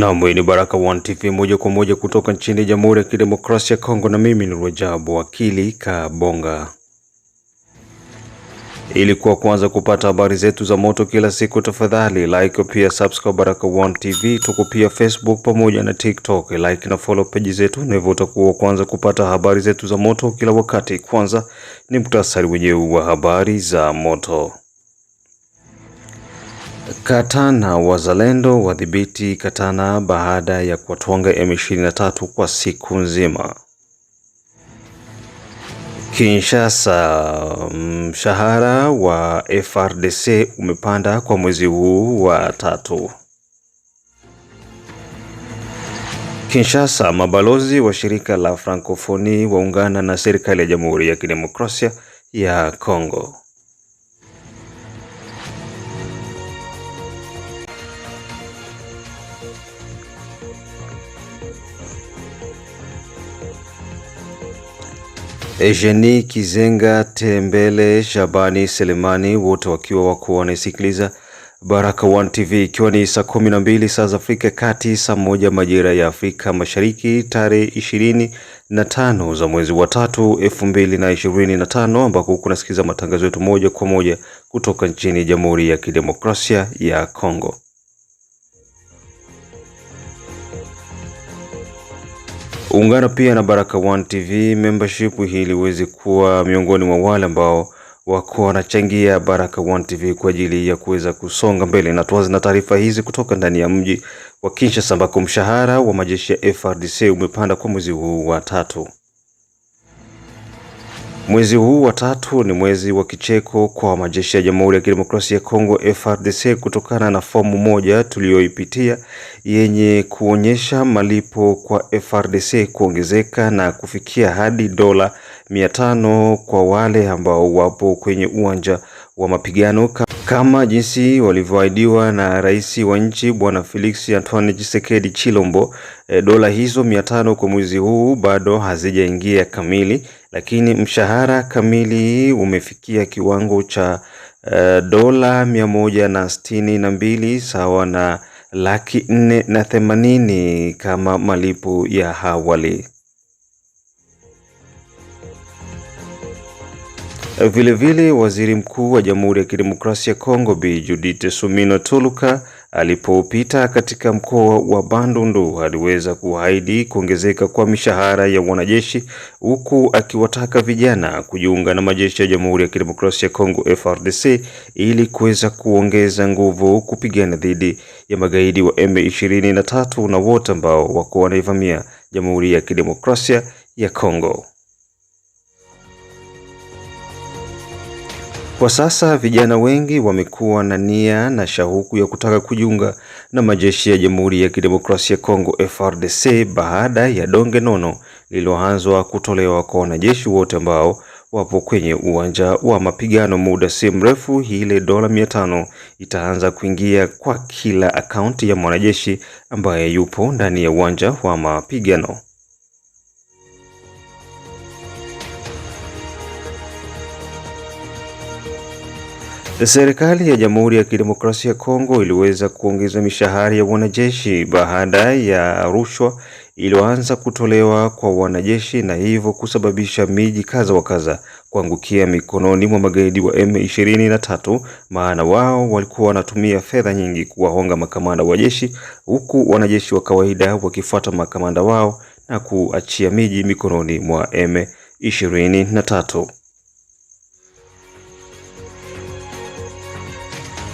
Naam, ni Baraka One TV moja kwa moja kutoka nchini Jamhuri ya Kidemokrasia ya Kongo, na mimi ni Rajabu Wakili Kabonga. Ili kuwa kwanza kupata habari zetu za moto kila siku, tafadhali like, pia subscribe Baraka One TV. Tuko pia Facebook pamoja na TikTok, like na follow page zetu, na hivyo utakuwa kwanza kupata habari zetu za moto kila wakati. Kwanza ni muhtasari wenyewe wa habari za moto. Katana wazalendo wadhibiti Katana baada ya kuwatwanga M23 kwa siku nzima. Kinshasa, mshahara wa FRDC umepanda kwa mwezi huu wa tatu. Kinshasa, mabalozi wa shirika la Francophonie waungana na serikali ya Jamhuri ya Kidemokrasia ya Kongo. Eugenie Kizenga, Tembele Shabani Selemani, wote wakiwa wako wanaisikiliza Baraka One TV, ikiwa ni saa kumi na mbili saa za Afrika Kati, saa moja majira ya Afrika Mashariki, tarehe ishirini na tano za mwezi wa tatu elfu mbili na ishirini na tano ambako kunasikiza matangazo yetu moja kwa moja kutoka nchini Jamhuri ya Kidemokrasia ya Kongo. Ungana pia na baraka One TV membership ili uweze kuwa miongoni mwa wale ambao wako wanachangia Baraka1 TV kwa ajili ya kuweza kusonga mbele, na tuanze na taarifa hizi kutoka ndani ya mji wa Kinshasa ambako mshahara wa majeshi ya frdc umepanda kwa mwezi huu wa tatu. Mwezi huu wa tatu ni mwezi wa kicheko kwa majeshi ya Jamhuri ya Kidemokrasia ya Kongo frdc kutokana na fomu moja tuliyoipitia yenye kuonyesha malipo kwa frdc kuongezeka na kufikia hadi dola mia tano kwa wale ambao wapo kwenye uwanja wa mapigano. Kama jinsi walivyoahidiwa na rais wa nchi Bwana Felix Antoine Tshisekedi Chilombo, e, eh, dola hizo mia tano kwa mwezi huu bado hazijaingia kamili, lakini mshahara kamili umefikia kiwango cha e, dola mia moja na sitini na mbili sawa na laki nne na themanini kama malipo ya awali. Vilevile, waziri mkuu wa Jamhuri ya Kidemokrasia ya Kongo Bi Judith Sumino Tuluka alipopita katika mkoa wa Bandundu aliweza kuahidi kuongezeka kwa mishahara ya wanajeshi, huku akiwataka vijana kujiunga na majeshi ya Jamhuri ya Kidemokrasia ya Kongo frdc ili kuweza kuongeza nguvu kupigana dhidi ya magaidi wa M23 na wote ambao wako wanaivamia Jamhuri ya Kidemokrasia ya Kongo. Kwa sasa vijana wengi wamekuwa na nia na shauku ya kutaka kujiunga na majeshi ya Jamhuri ya Kidemokrasia ya Kongo frdc baada ya donge nono lililoanzwa kutolewa kwa wanajeshi wote ambao wapo kwenye uwanja wa mapigano. Muda si mrefu, ile dola mia tano itaanza kuingia kwa kila akaunti ya mwanajeshi ambaye yupo ndani ya uwanja wa mapigano. Serikali ya Jamhuri ya Kidemokrasia ya Kongo iliweza kuongeza mishahara ya wanajeshi baada ya rushwa iliyoanza kutolewa kwa wanajeshi na hivyo kusababisha miji kadha wa kadha kuangukia mikononi mwa magaidi wa M23, maana wao walikuwa wanatumia fedha nyingi kuwahonga makamanda wa jeshi, huku wanajeshi wa kawaida wakifuata makamanda wao na kuachia miji mikononi mwa M23.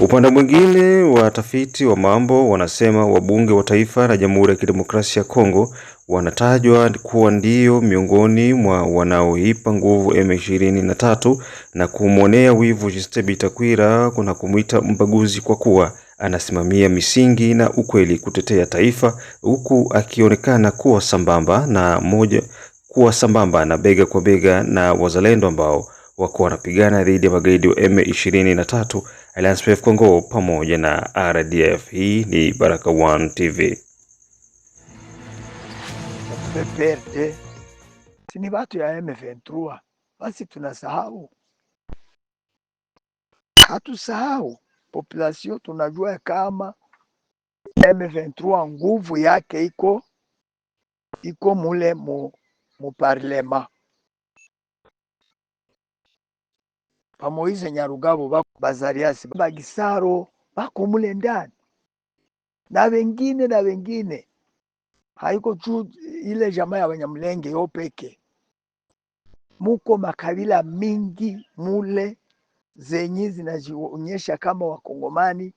Upande mwingine, watafiti wa mambo wanasema wabunge wa taifa la Jamhuri ya Kidemokrasia ya Kongo wanatajwa kuwa ndio miongoni mwa wanaoipa nguvu M23 na kumwonea wivu Justin Bitakwira na kumwita mbaguzi kwa kuwa anasimamia misingi na ukweli kutetea taifa huku akionekana kuwa sambamba na moja kuwa sambamba na bega kwa bega na wazalendo ambao wakuwa wanapigana dhidi ya magaidi wa M23 LSPF Congo pamoja na RDF. Hii ni Baraka1 TV. Peperde ni watu ya M23, basi tunasahau, hatusahau population. Tunajua kama M23 nguvu yake iko iko mule mu, mu parlema Pamoize Nyarugabo Bazariasi Bagisaro bako mule ndani na wengine na wengine, haiko tu ile jamaa ya Wanyamlenge yo peke, muko makabila mingi mule zenye zinajionyesha kama Wakongomani,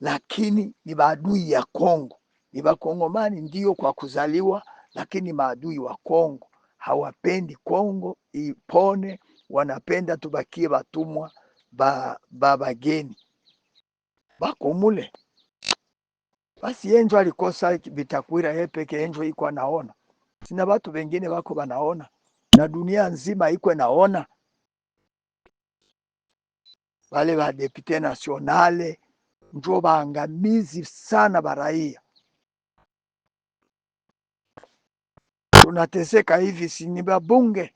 lakini ni maadui ya Kongo. Ni Wakongomani ndio kwa kuzaliwa, lakini maadui wa Kongo, hawapendi Kongo ipone wanapenda tubakie batumwa ba, ba bageni bako mule. Basi enjo alikosa Bitakwira, ye peke enjo iko anaona, sina watu wengine wako banaona, na dunia nzima iko naona wale ba depute nationale njo baangamizi sana baraia. Tunateseka hivi, si ni babunge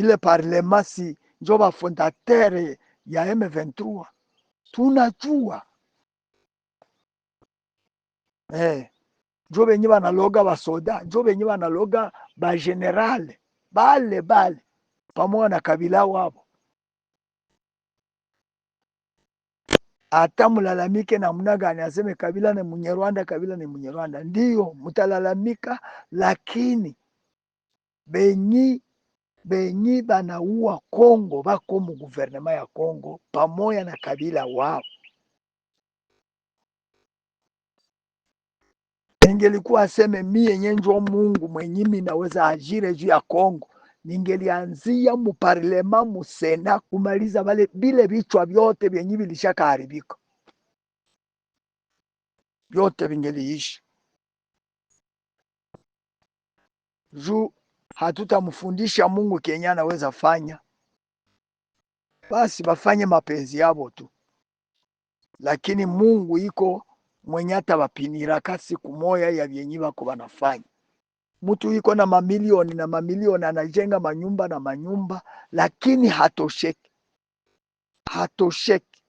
ile parlemasi njo bafondatere ya M23 tunajua eh, njo benye banaloga basoda, njo benye banaloga bagenerale bale bale pamoja na kabila wabo. Hata mulalamike namna gani, aseme kabila ni Munyarwanda, kabila ni Munyarwanda, ndiyo mutalalamika, lakini benyi benyi banauwa Kongo bako mu guvernema ya Kongo pamoya na kabila wao. Ningelikuwa aseme mi yenye njo Mungu mi naweza ajire juu ya Kongo, ningelianzia muparlema musena kumaliza vale bile vichwa vyote vyenyi vilishakaharibika, vyote vingeliishi juu hatutamfundisha Mungu kenye anaweza fanya, basi bafanye mapenzi yabo tu, lakini Mungu iko mwenye atawapiniraka siku moya ya vyenye vako wanafanya Mtu iko na mamilioni na mamilioni anajenga manyumba na manyumba, lakini hatosheki, hatosheki.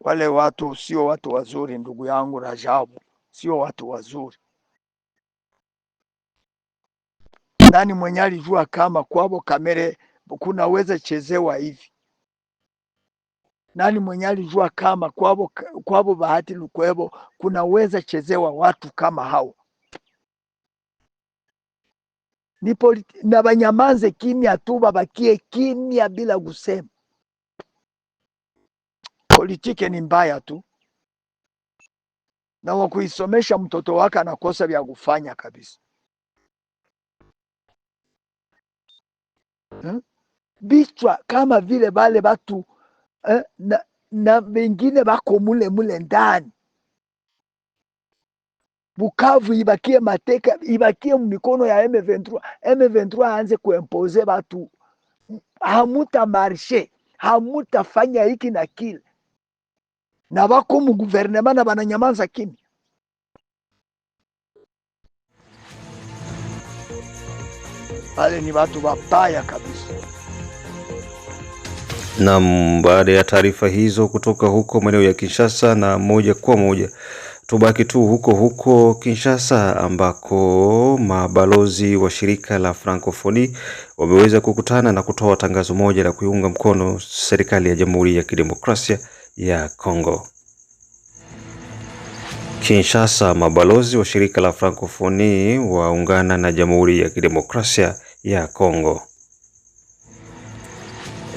Wale watu sio watu wazuri, ndugu yangu Rajabu, sio watu wazuri. nani mwenye alijua kama kwabo kamere kunaweza chezewa hivi? Nani mwenye alijua kama kwavo kwabo bahati lukwevo kunaweza chezewa watu kama hao? Nipo na banyamanze kimya tu, babakie kimya bila kusema. Politike ni mbaya tu, na wakuisomesha mtoto wake anakosa vya kufanya kabisa. bichwa kama vile bale batu eh, na, na bengine bako mule mule ndani. Bukavu ibakie mateka, ibakie mumikono ya M23. M23 aanze kuempoze batu, hamuta marshe, hamutafanya hiki na kile, na bako muguvernema na bananyamaza kimya. wale ni watu wabaya kabisa. Naam, baada ya taarifa hizo kutoka huko maeneo ya Kinshasa, na moja kwa moja tubaki tu huko huko Kinshasa ambako mabalozi wa shirika la Francophonie wameweza kukutana na kutoa tangazo moja la kuiunga mkono serikali ya Jamhuri ya Kidemokrasia ya Kongo. Kinshasa, mabalozi wa shirika la Francophonie waungana na Jamhuri ya Kidemokrasia ya Kongo.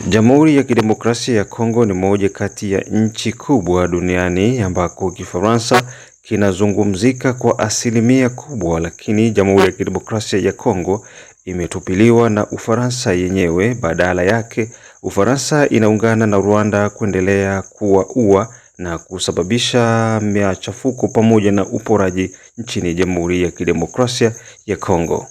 Jamhuri ya Kidemokrasia ya Kongo ni moja kati ya nchi kubwa duniani ambako Kifaransa kinazungumzika kwa asilimia kubwa, lakini Jamhuri ya Kidemokrasia ya Kongo imetupiliwa na Ufaransa yenyewe. Badala yake, Ufaransa inaungana na Rwanda kuendelea kuwaua na kusababisha machafuko pamoja na uporaji nchini Jamhuri ya Kidemokrasia ya Kongo.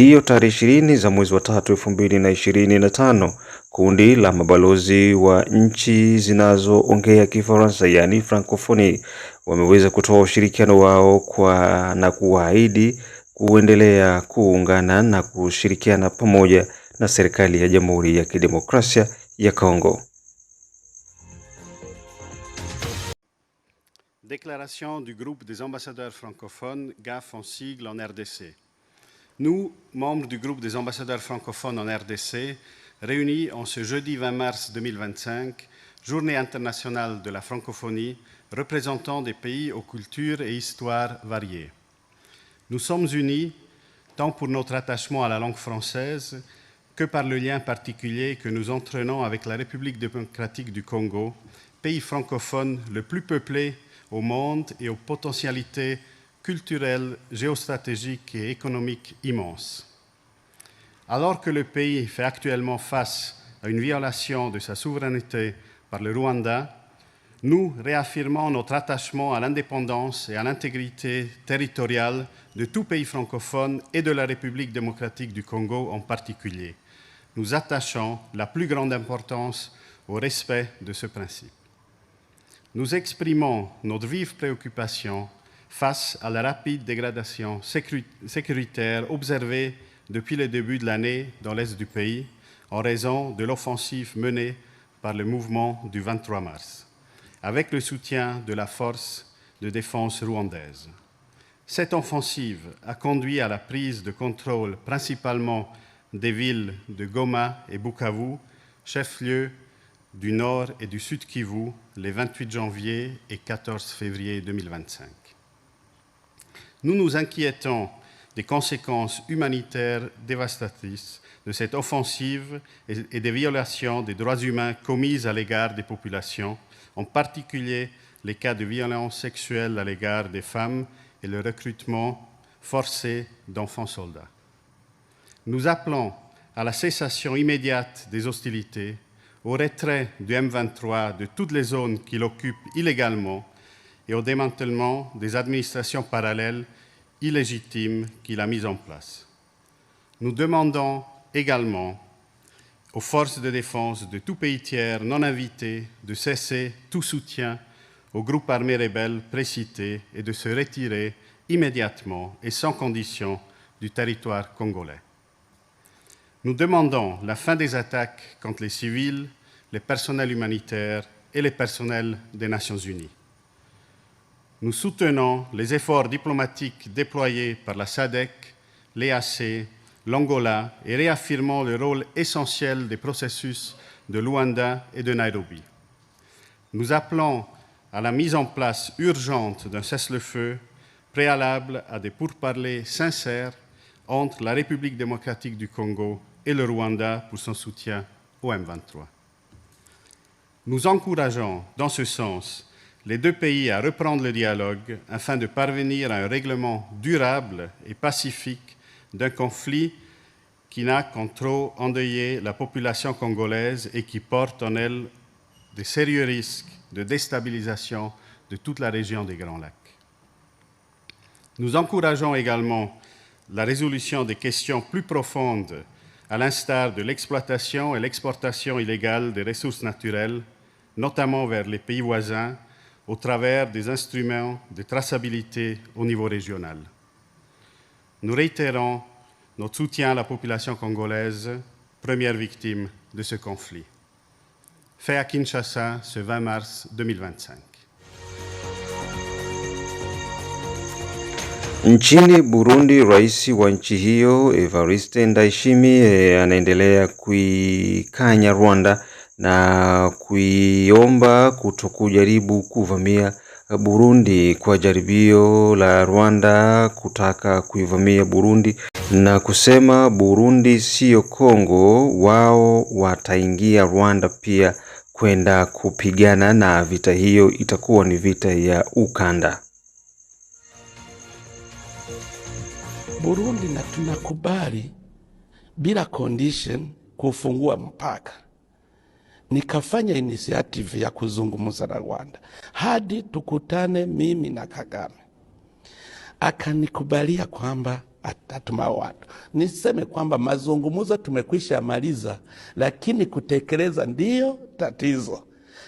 hiyo tarehe ishirini za mwezi wa tatu elfu mbili na ishirini na tano kundi la mabalozi wa nchi zinazoongea Kifaransa yaani Francophonie wameweza kutoa ushirikiano wao kwa na kuahidi kuendelea kuungana na kushirikiana pamoja na serikali ya Jamhuri ya Kidemokrasia ya Kongo. Déclaration du groupe des ambassadeurs francophones GAF en sigle en RDC. Nous, membres du groupe des ambassadeurs francophones en RDC, réunis en ce jeudi 20 mars 2025, journée internationale de la francophonie, représentant des pays aux cultures et histoires variées. Nous sommes unis tant pour notre attachement à la langue française que par le lien particulier que nous entraînons avec la République démocratique du Congo, pays francophone le plus peuplé au monde et aux potentialités culturel, géostratégique et économique immense. Alors que le pays fait actuellement face à une violation de sa souveraineté par le Rwanda, nous réaffirmons notre attachement à l'indépendance et à l'intégrité territoriale de tout pays francophone et de la République démocratique du Congo en particulier. Nous attachons la plus grande importance au respect de ce principe. Nous exprimons notre vive préoccupation face à la rapide dégradation sécuritaire observée depuis le début de l'année dans l'est du pays en raison de l'offensive menée par le mouvement du 23 mars, avec le soutien de la force de défense rwandaise. Cette offensive a conduit à la prise de contrôle principalement des villes de Goma et Bukavu, chefs-lieux du nord et du sud Kivu, les 28 janvier et 14 février 2025. Nous nous inquiétons des conséquences humanitaires dévastatrices de cette offensive et des violations des droits humains commises à l'égard des populations, en particulier les cas de violence sexuelle à l'égard des femmes et le recrutement forcé d'enfants soldats. Nous appelons à la cessation immédiate des hostilités, au retrait du M23 de toutes les zones qu'il occupe illégalement et au démantèlement des administrations parallèles illégitimes qu'il a mises en place. Nous demandons également aux forces de défense de tout pays tiers non invités de cesser tout soutien aux groupes armés rebelles précités et de se retirer immédiatement et sans condition du territoire congolais. Nous demandons la fin des attaques contre les civils, les personnels humanitaires et les personnels des Nations Unies nous soutenons les efforts diplomatiques déployés par la SADC, l'EAC, l'Angola et réaffirmons le rôle essentiel des processus de Luanda et de Nairobi. Nous appelons à la mise en place urgente d'un cesse-le-feu préalable à des pourparlers sincères entre la République démocratique du Congo et le Rwanda pour son soutien au M23. Nous encourageons dans ce sens les deux pays à reprendre le dialogue afin de parvenir à un règlement durable et pacifique d'un conflit qui n'a qu'en trop endeuillé la population congolaise et qui porte en elle de sérieux risques de déstabilisation de toute la région des Grands Lacs. Nous encourageons également la résolution des questions plus profondes, à l'instar de l'exploitation et l'exportation illégale des ressources naturelles, notamment vers les pays voisins, au travers des instruments de traçabilité au niveau régional. Nous réitérons notre soutien à la population congolaise, première victime de ce conflit. Fait à Kinshasa ce 20 mars 2025. Nchini Burundi, wa nchi hiyo Evariste Ndayishimiye anaendelea Rwanda na kuiomba kutokujaribu kuvamia Burundi kwa jaribio la Rwanda kutaka kuivamia Burundi na kusema Burundi siyo Kongo, wao wataingia Rwanda pia kwenda kupigana na vita hiyo itakuwa ni vita ya ukanda. Burundi na tunakubali bila condition kufungua mpaka nikafanya inisiative ya kuzungumza na Rwanda hadi tukutane mimi na Kagame, akanikubalia kwamba atatuma watu. Niseme kwamba mazungumzo tumekwisha maliza, lakini kutekeleza ndiyo tatizo.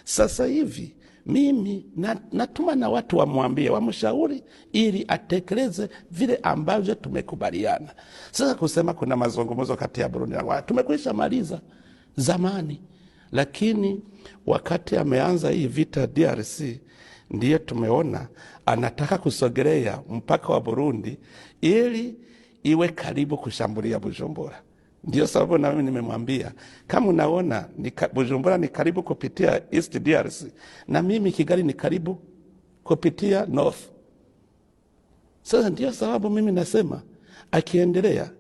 Sasa hivi mimi natuma na watu wamwambie, wamshauri ili atekeleze vile ambavyo tumekubaliana. Sasa kusema kuna mazungumzo kati ya Burundi na Rwanda tumekwisha maliza zamani. Lakini wakati ameanza hii vita DRC, ndiye tumeona anataka kusogelea mpaka wa Burundi ili iwe karibu kushambulia Bujumbura. Ndio sababu na mimi nimemwambia kama unaona Bujumbura ni karibu kupitia East DRC, na mimi Kigali ni karibu kupitia North. Sasa ndio sababu mimi nasema akiendelea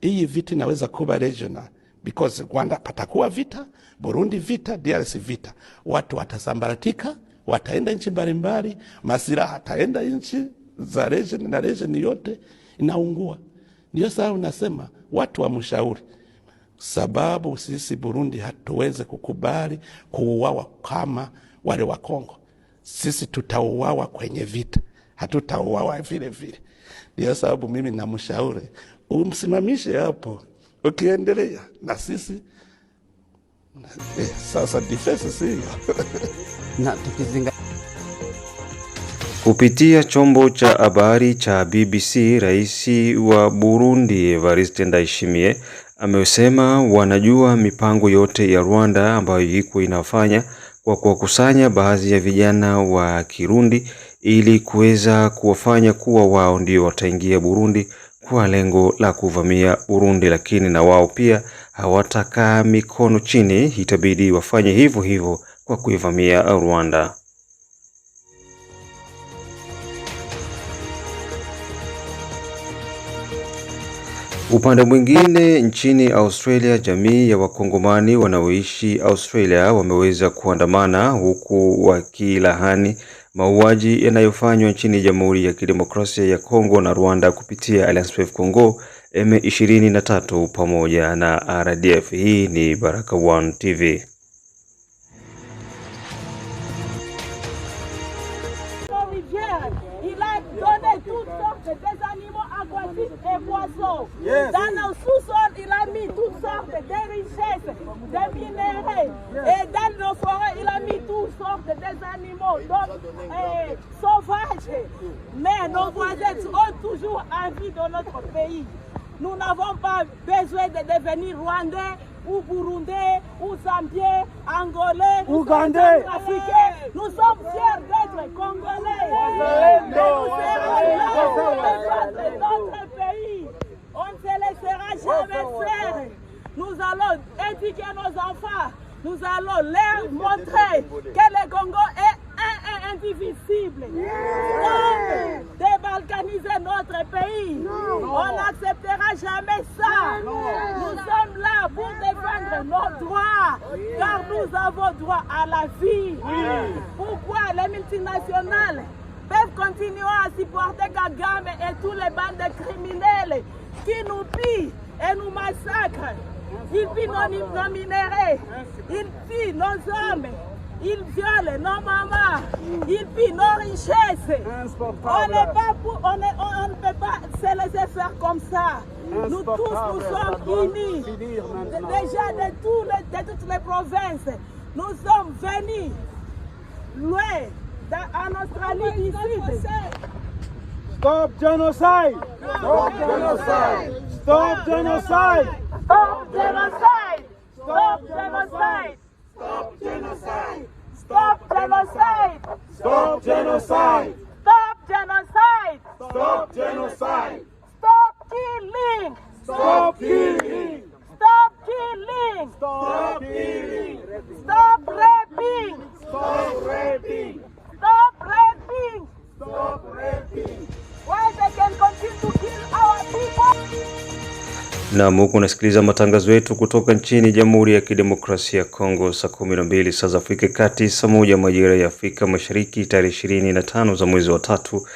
hii vita inaweza kuwa regional because Rwanda patakuwa vita, Burundi vita, DRC vita. Watu watasambaratika, wataenda nchi mbalimbali, masiraha ataenda nchi za region na region yote inaungua. Ndio sababu nasema watu wamshauri, sababu sisi Burundi hatuweze kukubali kuuawa kama wale wa Kongo. Sisi tutauawa kwenye vita, hatutauawa vile vile. Ndio sababu mimi namshauri umsimamishe hapo ukiendelea na sisi eh, sasa defense sio na tukizinga Kupitia chombo cha habari cha BBC, rais wa Burundi Evariste Ndayishimiye amesema wanajua mipango yote ya Rwanda ambayo iko inafanya kwa kuwakusanya baadhi ya vijana wa Kirundi ili kuweza kuwafanya kuwa wao ndio wataingia Burundi kwa lengo la kuvamia Burundi, lakini na wao pia hawatakaa mikono chini, itabidi wafanye hivyo hivyo kwa kuivamia Rwanda. Upande mwingine, nchini Australia, jamii ya wakongomani wanaoishi Australia wameweza kuandamana huku wakilahani Mauaji yanayofanywa nchini Jamhuri ya Kidemokrasia ya Kongo na Rwanda kupitia ALF Congo, M23 pamoja na RDF. Hii ni Baraka One TV. des animaux, eh, sauvages. Mais nos voisins ont toujours vie dans notre pays. Nous n'avons pas besoin de devenir Rwandais ou Burundais ou Zambiens, Angolais, ou Africains. Nous sommes fiers d'être Congolais. nous notre pays. On ne se laissera jamais faire. Nous allons éduquer nos enfants nous allons leur montrer que le Congo est indivisible. On débalkaniser notre pays. On n'acceptera jamais ça. Nous sommes là pour défendre nos droits, car nous avons droit à la vie. Pourquoi les multinationales peuvent continuer à supporter Kagame et tous les bandes criminels qui nous pillent et nous massacrent ils pillent nos minéraux, ils vit nos hommes, ils violent nos mamans, ils pillent nos richesses. On, on, ne peut pas se laisser faire comme ça. Nous tous, nous sommes unis, déjà de, de toutes les provinces. Nous sommes venus loin, en Australie, Stop genocide! Stop genocide! Stop genocide! Stop genocide! Stop genocide! Stop genocide! Stop genocide! Stop genocide! Stop genocide! Stop genocide! Stop killing! Stop killing! Stop killing! Stop killing! Stop raping! Stop raping! Naam, huku unasikiliza matangazo yetu kutoka nchini Jamhuri ya Kidemokrasia ya Kongo, saa 12 saa za Afrika Kati, saa moja majira ya Afrika Mashariki, tarehe na tano za mwezi wa tatu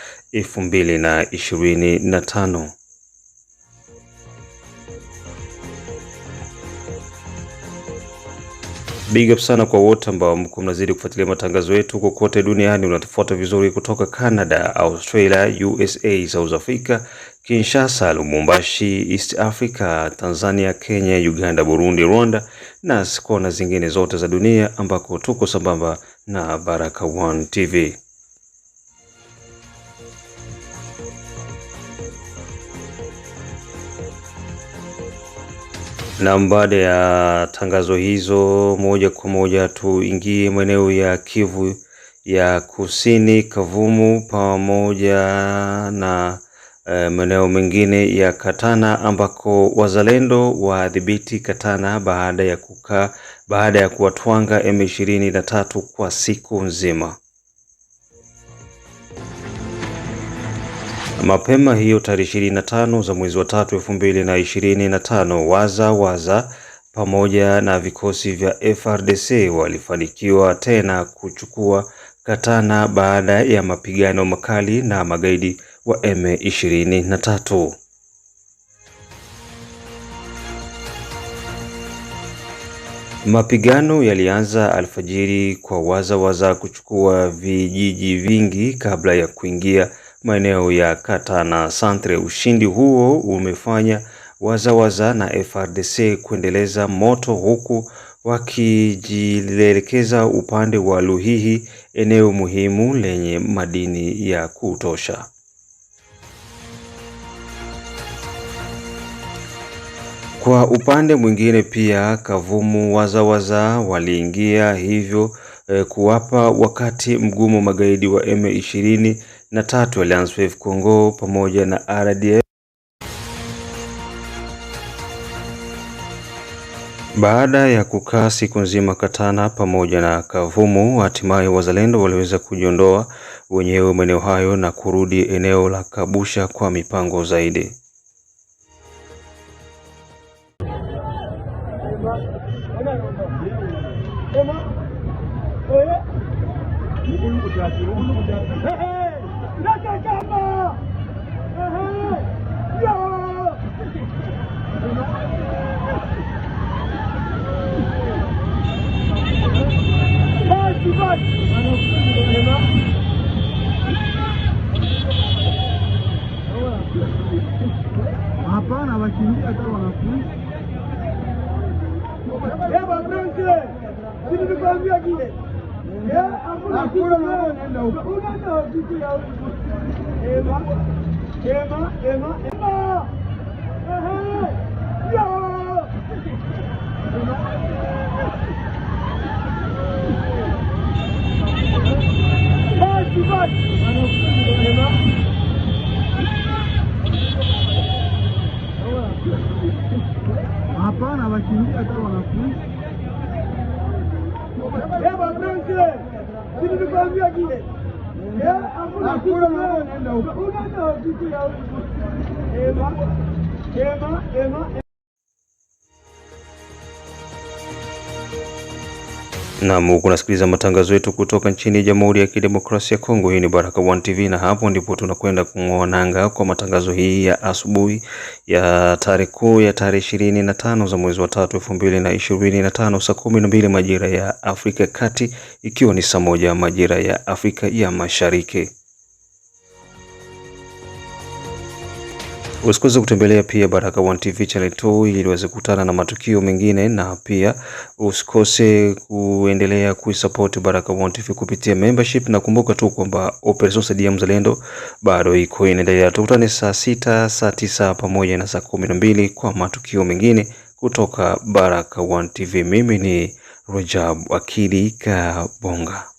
mbili na tano. Big up sana kwa wote ambao mko mnazidi kufuatilia matangazo yetu kokote duniani. Unatufuata vizuri kutoka Canada, Australia, USA, South Africa, Kinshasa, Lubumbashi, East Africa, Tanzania, Kenya, Uganda, Burundi, Rwanda na kona zingine zote za dunia ambako tuko sambamba na Baraka One TV. Na baada ya tangazo hizo, moja kwa moja tuingie maeneo ya Kivu ya Kusini, Kavumu pamoja na Eh, maeneo mengine ya Katana ambako wazalendo wadhibiti Katana baada ya kukaa baada ya kuwatwanga M23 kwa siku nzima. Mapema hiyo tarehe tano za mwezi wa tatu na tano waza waza pamoja na vikosi vya frdc walifanikiwa tena kuchukua Katana baada ya mapigano makali na magaidi wa M23. Mapigano yalianza alfajiri kwa wazawaza waza kuchukua vijiji vingi kabla ya kuingia maeneo ya Kata na Santre. Ushindi huo umefanya wazawaza waza na frdc kuendeleza moto huku wakijielekeza upande wa Luhihi, eneo muhimu lenye madini ya kutosha. Kwa upande mwingine pia kavumu wazawaza waliingia hivyo eh, kuwapa wakati mgumu magaidi wa M23 Alliance Fleuve Congo pamoja na RDF. Baada ya kukaa siku nzima Katana pamoja na Kavumu, hatimaye wazalendo waliweza kujiondoa wenyewe maeneo hayo na kurudi eneo la Kabusha kwa mipango zaidi. Ema, Ema, Ema, Ema! Vai, vai! Eva! Hapana anakimbia kama wanafunzi. Eva, tranquilo. Sisi tunakwambia kile. Yeah. Ema, Ema, Ema. Naam, huku unasikiliza matangazo yetu kutoka nchini Jamhuri ya Kidemokrasia ya Kongo. Hii ni Baraka One TV na hapo ndipo tunakwenda kung'oa nanga kwa matangazo hii ya asubuhi ya tarehe kuu ya tarehe ishirini na tano za mwezi wa tatu elfu mbili na ishirini na tano saa kumi na mbili majira ya Afrika Kati, ikiwa ni saa moja majira ya Afrika ya Mashariki. Usikose kutembelea pia Baraka One TV Channel 2 ili uweze kukutana na matukio mengine, na pia usikose kuendelea kuisupport Baraka One TV kupitia membership, na kumbuka tu kwamba Operation Saidia Mzalendo bado iko inaendelea. Tukutane saa sita, saa tisa pamoja na saa kumi na mbili kwa matukio mengine kutoka Baraka One TV. Mimi ni Rajab Akili Kabonga.